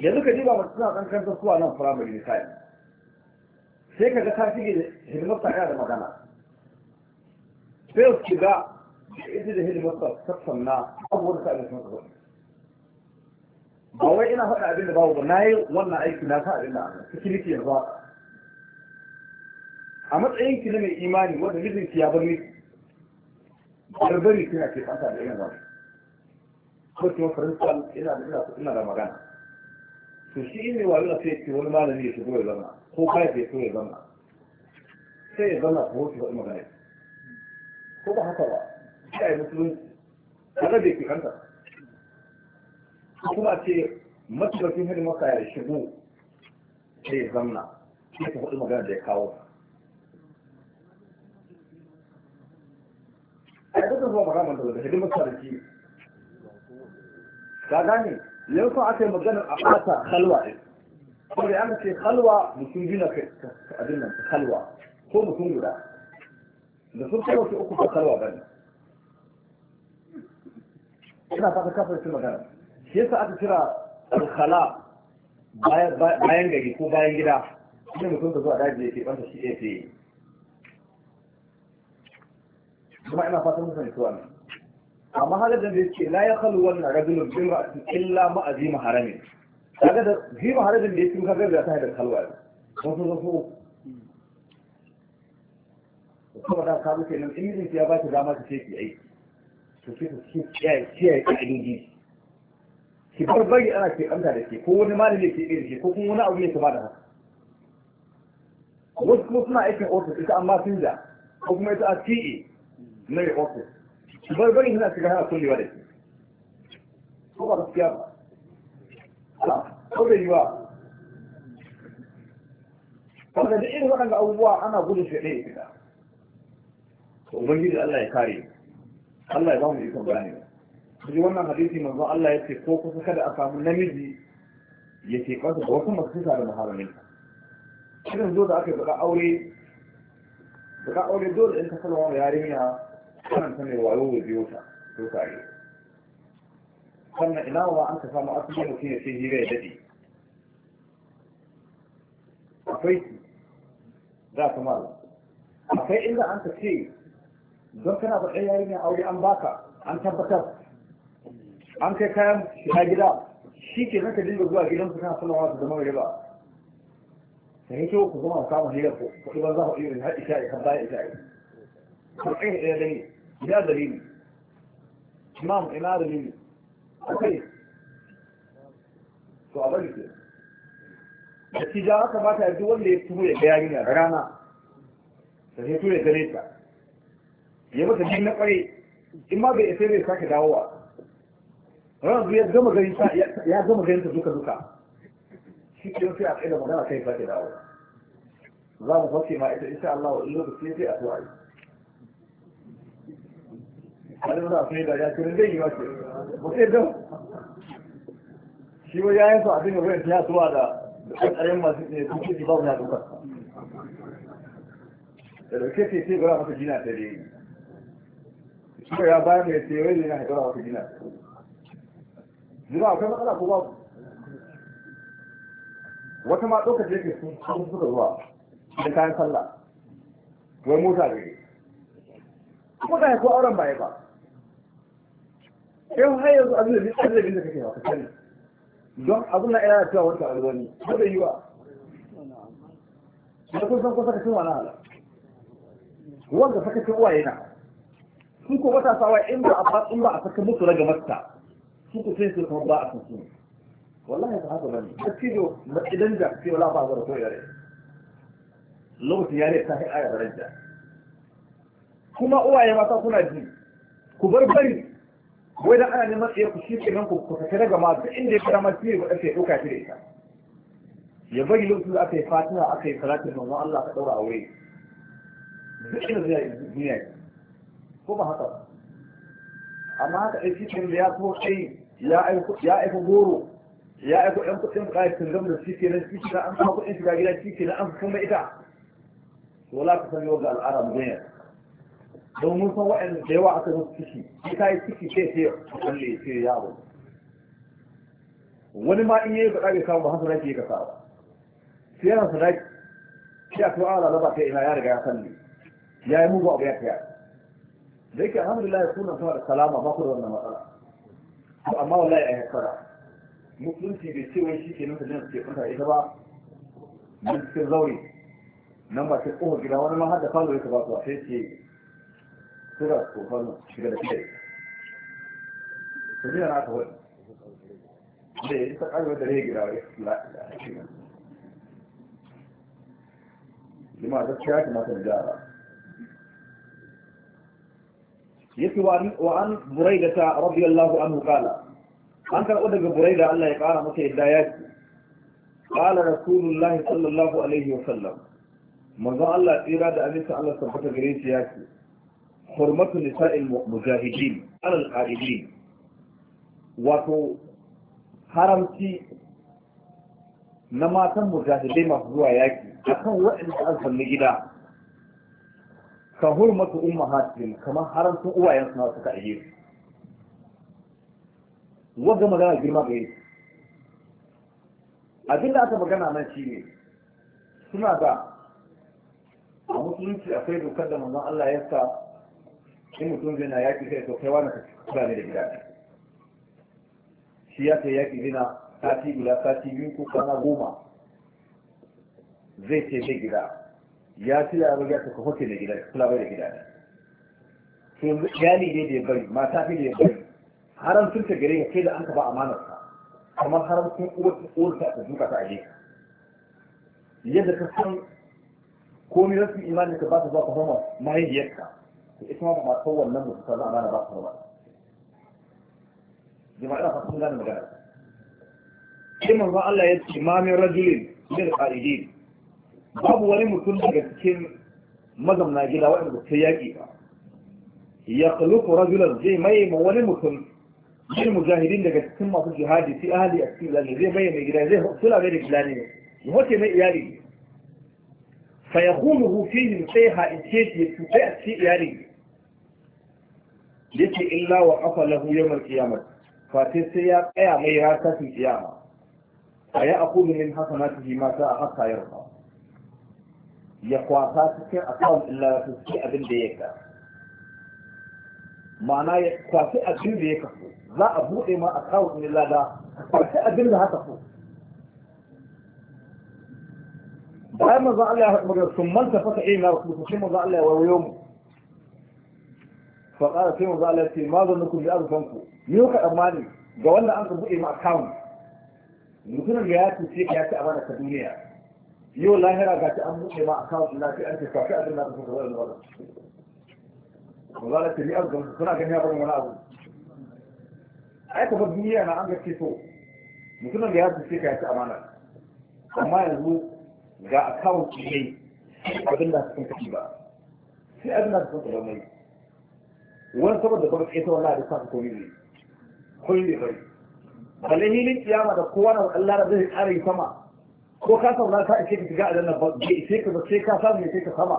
yanzu ka diba mace suna kanta zasuwa nan firamare ne kayan sai ka ga ta shige hidimar ta da magana sai su shiga ita da hidimar ta na abubuwan ta abin sun kasuwa ba wai ina faɗa abin da babu ba na yi wannan aiki na sa abin da aka ya yanzu ba a matsayin ki na mai imani wanda mijinki ya bar miki barbari suna ke fata da irin wannan ko kuma principal ina da ina ina da magana to shi ilmi wa yana sai wani malami ya shigo ya zama ko kai ya shigo ya zama sai ya zama ko shi wani magana ko ba haka ba sai ya musulunci kaga bai kanta kuma ce matsalolin hidin maka ya shigo sai ya zamna sai ta hudu magana da ya kawo a yi gudun zuwa magana da hidin maka da shi كاغاني لو كنت عاتي مجانا أقلتا خلوة قل لي أنتي خلوة مكونجينة كأدلنا خلوة هو مكونجو لا لسول خلوة في أقوة خلوة بني إنا فاتا كافر في مجانا هي ساعات ترى الخلاء بايانجي كو بايانجي لا إنا مكون تزوى داجي في وانتا شيئي في ما إنا فاتا مكونجي سواني amma haka da zai ce la ya kalu wannan rajulun bin ra'atin illa ma azima harami kaga da zima haramin da yake kaga da ta da kalwa wasu wasu kuma da ka muke nan in yin ya ba ki dama ki ce ki aiki to sai ki kiyaye kiyaye ka'idoji ki bar bari ana ke amsa da ke ko wani malami ke da shi ko kuma wani abu ne ba da haka wasu kuma suna aikin ofis ita amma sun da ko kuma ita a ce mai ofis barbari suna shiga hana kullewa da shi ko ba gaskiya ba ko da yi ba. wanda da irin waɗanda abubuwa ana gudu shi ɗaya gida to ubangiji Allah ya kare Allah ya ba mu ikon gane kaji wannan hadisi manzo Allah ya ce ko kusa kada a samu namiji ya ce kwasa da wasu masu suka da maharamin irin zo da aka yi baka aure baka aure dole in ka salwa wa yarinya wannan sune wayo da biyu ta to tare sannan ina wa an ka samu asali mutum ya ce hira ya dade akwai za ka mara akwai inda an ka ce don kana ba ɗaya yayin aure an baka an tabbatar an kai kayan shiga gida shi ke zaka dinga zuwa gidan su kana sanawa su zama riba ta hito ku zama samun hira ku kuɗi ban za ku iya haɗi sha'i har baya sha'i ku ɗaya ɗaya ɗaya ina dalili imam ina dalili akwai to a bari ke da ci ja aka mata duk wanda ya tuhu ya ga yarinya rana da sai tuhu ya gare ta ya mata jin na kware in ma bai sai bai sake dawowa ranar ya gama gari ya gama gari ta duka duka shi ke sai a tsaye da magana sai sake dawowa za mu fashe ma ita insha Allah wa ilo da sai sai a tuwa har za su yi da ya kirin zai yi wace ba sai don shi wa ya yi su abin da wayar ta yasuwa da ƙarƙarin masu ne sun ce ba mu ya dukar da dauke ce sai gara masa jina ta da yi shi ya bayan mai sai wani na gara masa jina zuba akwai matsala ko babu wata ma ɗaukar da yake sun suka zuwa da kayan sallah wai mota da yi kuma da ya ko auren baya ba in har yanzu azumi azumi da kake ba ka sani don abin da ina cewa wata alwani ba zai yi ba da kun san ko saka cin wani hala wanda saka cin uwaye na su ko matasa wa in ba a fatsun ba a saka musu raga masta su ko sai su kuma ba a san su wallahi ba haka bane dattijo idan da sai wala ba zara ko yare lokacin yare ta kai aya daraja kuma uwaye mata kuna ji ku bar bari wai da ana neman tsaye ku shi ke nan ku fita daga ma duk inda ya fara ma shi ba sai ɗauka shi da ita ya bari lokacin da aka yi fatina aka yi salatin manzon Allah ka ɗaura aure duk inda zai yi duniya ko ba haka amma haka ɗai shi da ya so sai ya aiko goro ya aiko ‘yan kuɗin buƙatar tunzam da shi ke nan shi ke nan an kuma kuɗin shiga gida shi ke nan an kuma ita wala ka san yau ga al'ada mu ganyar don mun san waɗanda da yawa aka musu ciki shi ka yi ciki sai sai a kalle ya ce ya abu wani ma in yi faɗa bai samu ba hasa nake ya kasa ba sai yana sana shi a kuma ala laba sai ina ya riga ya kalle ya yi mugu abu ya kai da yake alhamdulillah ya suna sama da salama ba ku da wannan matsala amma wallahi a haifara musulunci bai ce wai shi ke nan sanin suke kwanta ita ba nan cikin zaure nan ba sai ƙofar gida wani ma har da falo ya ka ba su a sai ce 这个组合呢是个配，实际上拿头，这这还有这里给他来来去，你妈这钱怎么增加了？yake wa an buraida ta radiyallahu anhu kala an karɓo daga buraida Allah ya ƙara masa yadda ya ce kala rasulullahi sallallahu alaihi wa sallam manzon Allah tsira da aminsa Allah tabbata gare shi ya ce hurmatu nisa'il mujahidin alal qa'idin wato haramci na matan mujahidai masu zuwa yaki akan waɗanda an sanni gida ka hurmatu ummahatihim kamar haramcin uwayensu na suka aje wanda magana girma ga yi da aka magana nan shi ne suna da a musulunci akwai dokar da manzon Allah ya sa in mutum zai na yaƙi sai to kai wani kura ne da gida shi ya ce yaƙi zai na sati guda sati biyu ko kwana goma zai ce zai gida ya ci abin ya ka hoke da gida kula bai da gida ne to iyali ne da ya bari mata fi da ya bari haram sun ta gare ka kai da an ka ba amanar ka kamar haram sun uwar ta duka ta aje yadda ka san komai rasu imanin ka ba ta ba ka zama mahaifiyarka to ita ma matar wannan mutum ta za a bana ba su ba jama'a ina fatan gane magana sai manzo Allah ya ce ma min rajulin min qaidin babu wani mutum daga cikin mazamna gida wanda sai yaki ba ya khluqu rajulan zai mai ma wani mutum shi mujahidin daga cikin masu jihadi fi ahli akil zai mai mai gida zai sula mai da gida ne ya hoce mai iyali fa ya hulu fihim sai ha'ice shi ya cuta a cikin iyali ce illa wa ƙafa lahu yawmal qiyamah fa sai ya tsaya mai ya cikin kiyama fa ya aqulu min hasanatihi ma sa'a hatta yarfa ya kwasa cikin akawun illa su ci abin da ya ka ma'ana ya kwasi abin da ya kaso za a buɗe ma akawun illa da kwasi abin da haka so bayan manzo Allah ya faɗi magana sun manta fata ina ba kuma sai manzo Allah ya wayo mu fa qala sai manzo Allah ya ce ma zannukum bi fanku. ni ka amani ga wanda an ka buɗe mu account mutumin da ya ce ya ci amana ta duniya yau lahira ga ta an buɗe ma account na sai an ce ka fi abin da ka fara wannan wannan manzo Allah ya ce ni arfanku kuna ganin ya bar wani abu ai ka duniya na an ga ce to mutumin da ya ce ka ya ci amana amma yanzu ga akawun ne abin da sun kashi ba sai abin da sun kashi mai wani saboda ba ka ita wala da sa komi ne komi ne bai balle hilin kiyama da kowa na Allah da zai kare sama ko ka sauna ka ishe ka shiga aljanna ba bai ishe ka ba sai ka samu sai ka sama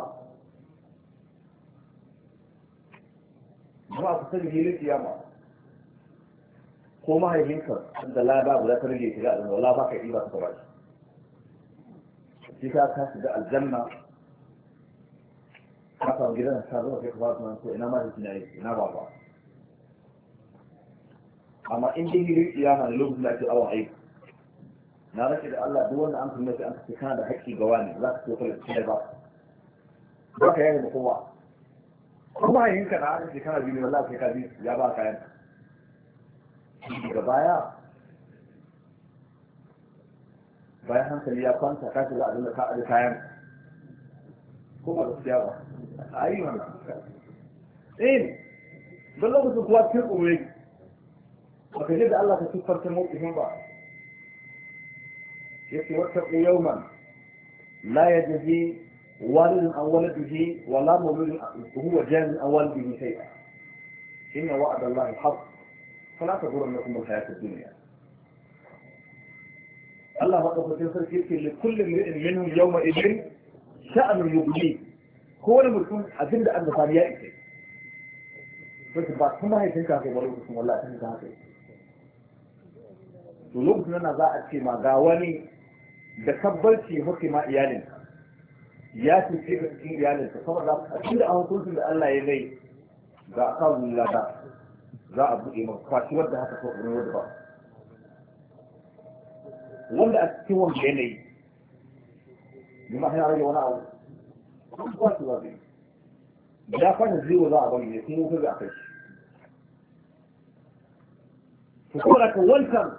ba ku sani hilin kiyama ko mahaifinka da lada guda ta rage shiga aljanna wala ba ka yi ba ka ba shi كيف هذا الجنة مثلا جدنا هذا في خبرات من سوء نما تجنيه نبى بعض أما إن تيجي يانا لوب لا تلاوة أي نرى كده الله دون أن تسمع أن تكان ده حكي جواني لا تقول كده بعض ما يعني بقوة ما هي إنك أنا تكان بيني الله تكان بيني يا بابا كان بعيا bayan hankali ya kwanta ka shiga abin da ka aje kayan ko ba gaskiya ba a yi mana eh don lokacin kuwa cikin umuri baka je da Allah ka siffarta mawqifin ba yace wattaqu yawman la yajzi walidun an walidihi wa la mawludun huwa jazin an walidihi shay'a inna wa'da Allah haqq fala taghurannakum bil hayati ad-dunya Allah madaukakin sarki yake li kullum ri'in minhum yawma idin sha'anun yubli ko wani mutum abin da Allah sani ya isa wasu ba kuma haifin ka kai wani mutum wallahi tun ka haka to lokacin nan za a ce ma ga wani da kabbalci muke ma iyalin ya ce ce ka cikin iyalin kuma saboda a cikin da hukuncin da Allah ya mai ga akawun lada za a buɗe maka kwashi wadda haka ko wani wadda ba wanda a cikin wanda yanayi bi ma hana rage wani abu kuma ba su zaɓe da fara zero za a bari ne kuma wutar da aka yi. to ko da kan wancan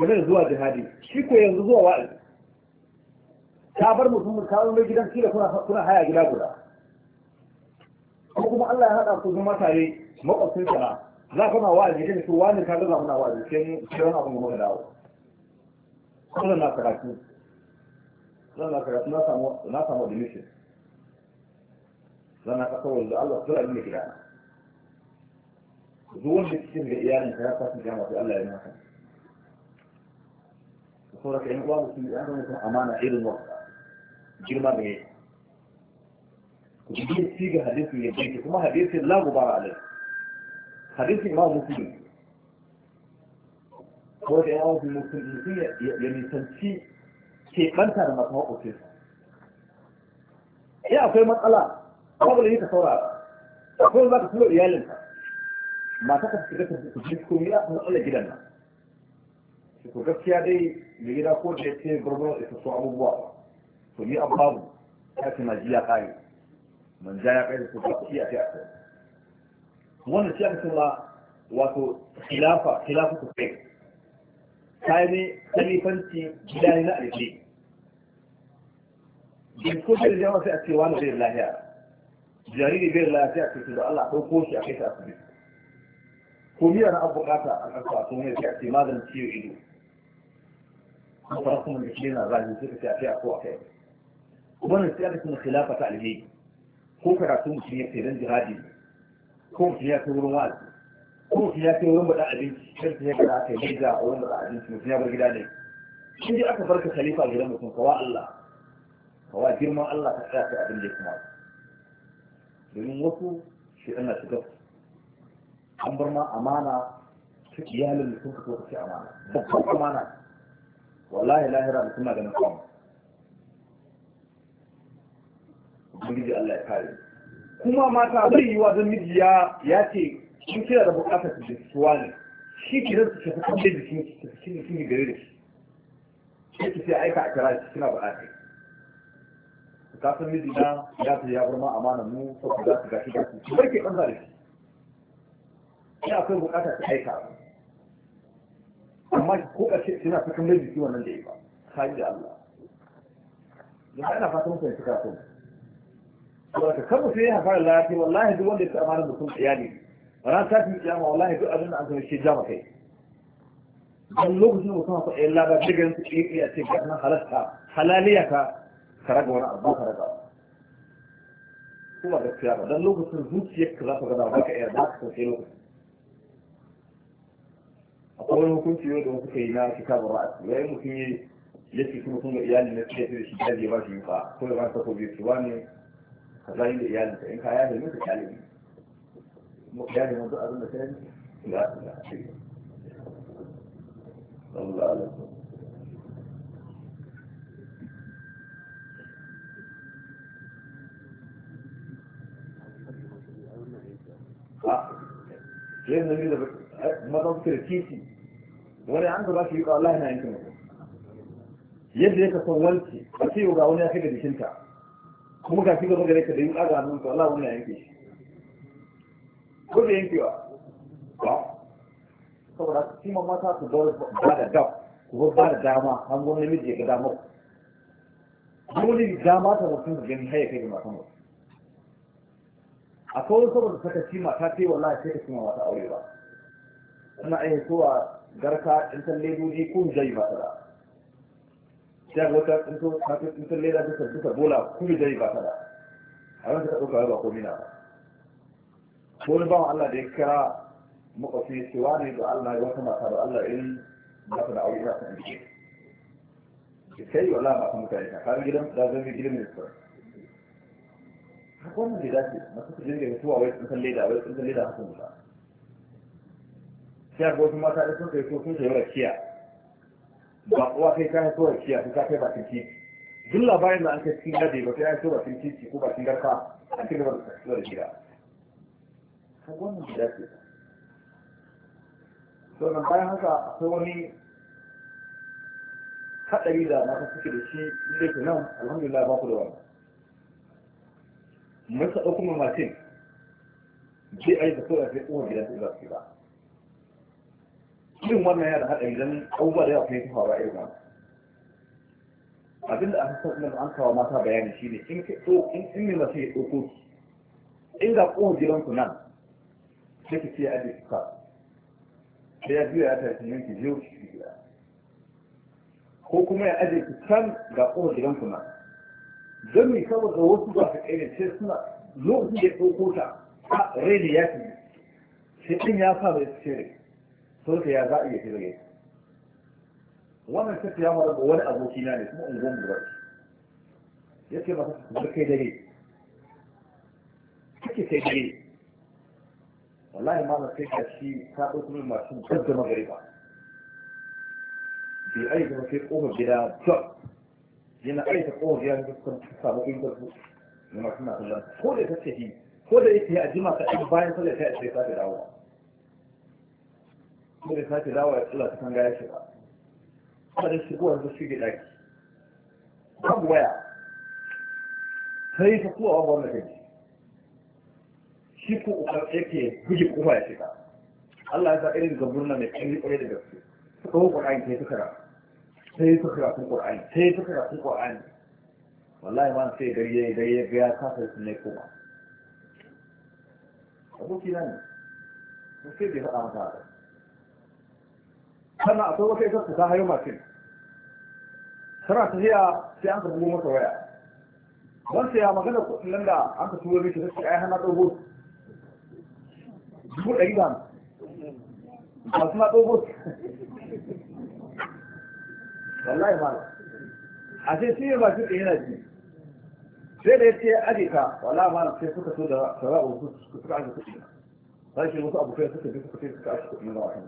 game da zuwa jihadi shi ko yanzu zuwa wa'azi ta bar mutum ka zo mai gidan kira kuna haya gida guda ko kuma Allah ya haɗa ku zama tare makwabcin sana za ka na wa'azi da su wani ka ga za wa'azi sai sai wani abu mu dawo kullum na karatu zan na karatu na samu na samu admission zan na kasa wanda Allah tura ne gida zuwan da cikin ga iyalin ka ya fasu ga masu Allah ya maka saboda kai uwa mutum ya zama amana irin wannan girma da yake وجدين سيجا حديث يجيك كما حديث لا غبار عليه حديث إمام مسلم ko da yawon mutum ya nisanci keɓanta da masu haƙoƙinsa Ya eh, akwai matsala babu da yi ka saurara akwai za ka tura iyalinka mata ka shiga ta kuji ko ya san Allah gidan nan shi ko gaskiya dai da gida ko da yake gurgurun da su abubuwa to ni an babu ya ce na ya kai man ja ya kai da kuma ku iya ta wannan shi aka cewa wato khilafa khilafa ku kai kame kalifanci gida ne na alfi in ko da jama'a sai a ce wani bai lafiya jariri bai lafiya sai ce da Allah ɗauko shi a kai ta asibiti ko miya na abu kata a ƙasa a sunan sai a ce maganin ciwo ido ko fara kuma da shi na zahiri suka ce a kai a ko a kai wannan sai aka kuma khilafa ta alheri ko karatu mutum ya sai dan jihadi ko mutum ya kai wurin wa'azi ko ya kai wurin bada abinci sai ta yaga ka yi a wurin bada abinci mutum ya bar gida ne in ji aka farka khalifa gidan mutum kawa Allah kawa girman Allah ka tsaya ta abin da ya kuma domin wasu shi ana shiga an bar ma amana ta iyalin da sun fito ta ce amana babban amana wallahi lahira da suna ganin kwan ubangiji Allah ya kare kuma mata zai yi wa don miji ya ce in kira da bukatar su suwa ne shi ki zai su tafi kan da jikin su tafi cikin jikin gare da shi sai ki sai aika a kira shi kina bukatar su kasan miji na ya ta ya burma amanar mu ko ku za su gashi gashi ki bar ke banza da shi ina akwai bukatar su aika amma ko ƙarshe suna ta kan da jiki wannan da ya ba kaji da Allah da ina fatan mutane suka so saboda kamar sai ya fara lafiya wallahi duk wanda ya fi amanar mutum tsaya ne ran kafin kiyama wallahi duk abin da an zama shi jama kai don lokacin da mutum faɗa yalla ba daga yanzu ƙi iya ce ga nan halatta halaliya ka ka raga wani abu ka raga ko ba gaskiya ba don lokacin zuciyar ka za ka gada ba ka iya da ka sai lokacin akwai wani hukunci yau da wasu kai na kitabun ra'asi yayin mutum yi ya ce kuma kuma ga iyali na tsaye da shi daji ba shi yi fa ko ya ba ta ko biyu su ne, ka zai da iyalinka in ka ya ne ka kyale ne يعني منذ أظن ثاني لا لا شيء الله أعلم ليه النبي ده ما تذكر كيسي wani an gaba shi yuka Allah yana yankin yadda ya kasan walce a ce ga wani ya da jikinta kuma ga shi gaba ka da Allah wani ya yanke ko da yankewa saboda su ma mata su ba da dam ku ba da dama an gwamnati namiji ya ga dama dole dama ta mutum da gani haya kai da matan mutum a kawai saboda saka ci mata ta yi wallahi sai ta cima mata aure ba ina iya kowa, garka in san ledoji ko jayi ba ta da sai ga wata in leda duka duka bola ko jayi ba ta da a wani ka ɗauka ba ko mina ba wani bawan Allah da ya kira makwasi cewa ne da Allah ya wata mata da Allah in ba ta da aure za ta ɗauke ki kai wa Allah ba ta mutane ta kawai gidan da zan yi gidan ne kawai haka wannan da dace masu kujin da mutuwa wai sun san leda wai sun leda hakan ba sai ga wasu mata da sun kai so sun sayi rakiya ba kuwa kai ka haifo rakiya ko ka kai bakin titi duk labarin da an kai cikin gade ba sai ya haifo bakin titi ko bakin garka an kai gaba da gida har wannan gida ce Sauran bayan haka akwai wani haɗari da mata suke da shi inda ke nan alhamdulillah ba ku da wani mun sa ɗauko ma matin je a yi da kawai sai tsohon gida su ba. su ba wannan yana da haɗari don abubuwa da yawa kuma ya fi faruwa irin wannan abinda aka san nan an kawo mata bayani shine in ke in in ne ya ɗauko in ga ƙofar gidanku nan sai ki ce aje ki fa sai ya biyo ya tafi yanki ki jiyo ki gida ko kuma ya aje ki san ga ƙofar gidan kuma don me saboda wasu ba su kai sai suna lokacin da ya ɗauko ta a rai ya fi sai ɗin ya sa bai cire sau da ya za a iya shirye wannan ya mara ga wani abokina ne kuma unguwan mu bai ya ce masa da kai dare kake kai dare wallahi ma sai ka shi ta ɗauko min mashin duk magari ba bi ai ba sai ko gida jot yana ta ko gida na dukkan samu su ne masu na kallon ko da ta ce ko da yake a jima ta ai bayan sai ta ce ta dawo ko da ta dawo ya tsula ta kan gaya shiga ba da shigowar da shige ki babu waya sai ta kuwa wanda wannan ji shi ko yake buge kofa ya shiga Allah ya sa irin gaburna mai kai kwaye da gaske suka hau Qur'ani sai suka ra sai suka rabu Qur'ani sai suka rabu Qur'ani wallahi ma sai gari ya gari ya ga kafin su ne kuma aboki nan ne to sai bai faɗa masa ba sannan akwai wata ita ta hayo mashin ta siya sai an ka bugo masa waya sai ya magana kuɗin nan da an ka tuwo mishi sai ai hana ɗauko dubu ɗari da ba su ma ɗogo wallahi ma a sai shi ne ba shi ɗaya ji sai da ya ce aje ka wallahi ma sai suka so da a sara'u suka aje kuɗi sai shi wasu abokai suka bi suka sai suka aje kuɗi na wasan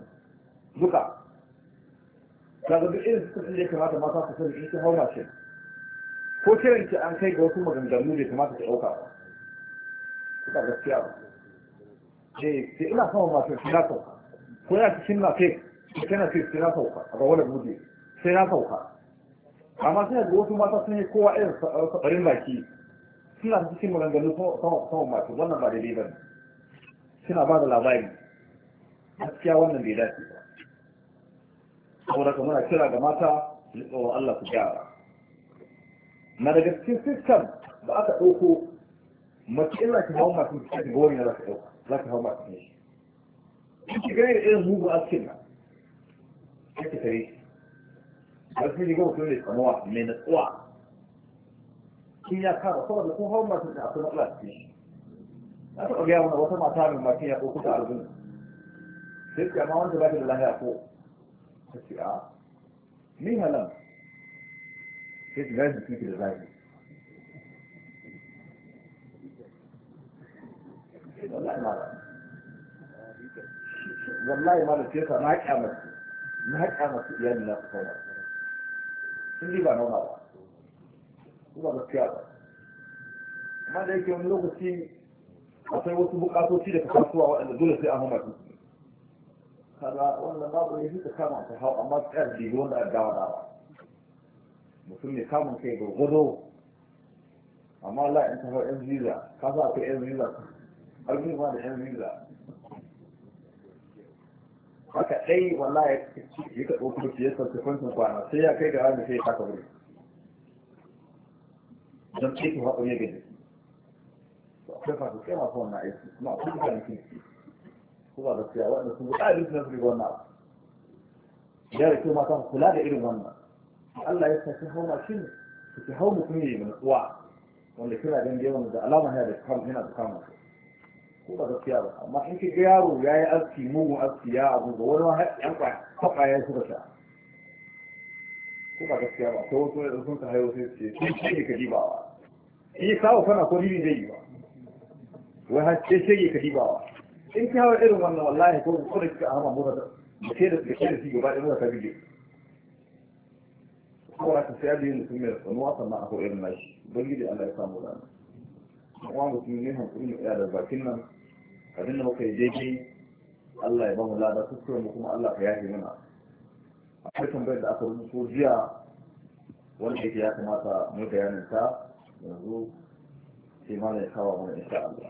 duka kaga duk irin kuɗin da ya kamata mata ku sani in ta haura ce ko kiran ki an kai ga wasu maganganu da kamata ta ɗauka ba suka gaskiya ba eh sai ina sama masu sai na sauka ko yana cikin na na sai na sauka a ga wannan muje sai na sauka amma sai da wasu mata sun yi kowa irin eh, sabarin baki suna cikin maganganu sama masu wannan ba daidai ba ne suna ba da labari gaskiya wannan bai dace ba saboda kuma a kira ga mata su tsoron Allah su gyara na daga cikin sistem da aka ɗauko mace illa ki hau masu cikin gori na za ka ɗauka za ka hau ma shi in ki gane da irin mugu a cikin nan sai ka tare shi ba sai riga mutum ne kamuwa mai natsuwa kin ya kara saboda kun hau ma cikin akwai matsala cikin shi na taɓa gaya mana wata mata mai mafi ya ɗauko a albin sai ce amma wanda ba ta da lahiya ko ta ce a ah, ni halan sai ki gaji da wallahi malam wallahi malam sai ka na kyamata na kyamata iyali na su kawai sun riba noma ba kuma ba gaskiya ba amma da yake wani lokaci akwai wasu bukatoci daga kasuwa waɗanda dole sai an hama su kaza wannan babu ya fita kama ta hau amma tsayar jibi wanda an dawa dawa mutum ne kamun kai gwargwado amma Allah in ta hau yan ziza ka za akwai yan ziza أرجو ما دحين من لا أك أي والله يك أقول في يسوع تفهم سبحانه وتعالى سيا كي كهار مسيح كاتبري جم كيف هو أبوي جد كيف هذا كيف هو أنا إيش ما أقول كان كيف هو هذا سيا وأنا سمعت أي بس نفسي قلنا يا ريت ما كان خلاه غيره منا الله يسخره ما شين تفهمه كمية من القوة ولكن هذا جيوم الله ما هذا كم هنا بكامله ko ba gaskiya ba amma in ka yaro ya yi aski mugun aski ya abu da wani yan kwaya ya suka sha ko ba gaskiya ba ko wasu da sun ka hayo sai ce sai ce ka dibawa in ya kawo kana ko ribi zai yi ba wai har sai sai ka dibawa in ka hawo irin wannan wallahi ko ko da kika hama mota da ke da ke da shi gaba ɗaya mota ta bige ko ta sai da yin mutum mai tsanuwa sannan akwai irin nashi ubangiji Allah ya samu rana. Wani mutum ne hankali mai tsaya da bakin nan abinda muka yi daidai Allah ya ba mu lada kuskuren mu kuma Allah ka yafe mana akwai tambayar da aka rubuto jiya wanda yake ya kamata mu bayanin ta yanzu sai mana ya kawo mana insha Allah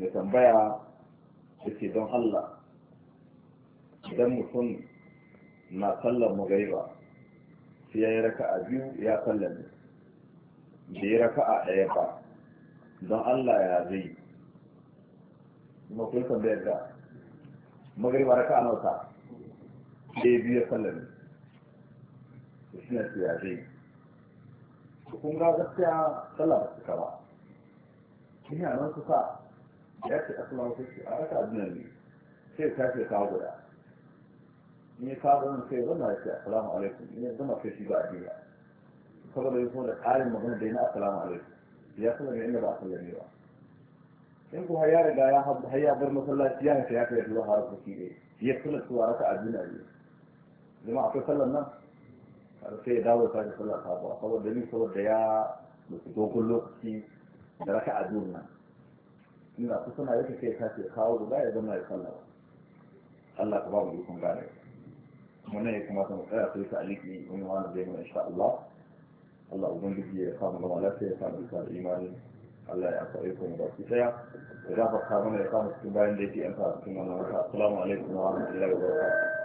mai tambaya yake don Allah idan mutum na sallar magariba sai ya yi a biyu ya sallame bai yi raka'a ɗaya ba don Allah ya zai kuma kun san da yadda magariba raka a nauta da ya biyu sallar da shi na siyaje kun ga gaskiya sallah ba su kawa ina nan kusa ya ce asala wata ce a raka abin ne sai ta ce kawo guda Ni ya kawo guda sai zama ya ce asalamu alaikum in ya zama sai shi ba a biya saboda ya da ƙarin magana da yana asalamu alaikum ya sallame da inda ba a sallame ba in ku ya riga ya haɗu har ya bar masallaci ya haka ya kai zuwa har kuki ne ya kula su raka a juna ne zama akwai sallar nan har sai ya dawo ta sallar sabuwa saboda ni saboda ya mutu dogon lokaci da raka a juna nan ina kusa na yake sai ya ce kawo guda ya zama ya sallar Allah ka ba mu ikon gane wannan ya kamata mu tsaya sai ta aliki in wani zai mu insha Allah Allah ubangiji ya kama gama lafiya ya kama bisa imani Allah ya faɗi ku ba su daya da za ka kama ya kama cikin bayan da yake yan fara cikin wannan wata assalamu alaikum wa rahmatullahi wa barakatuh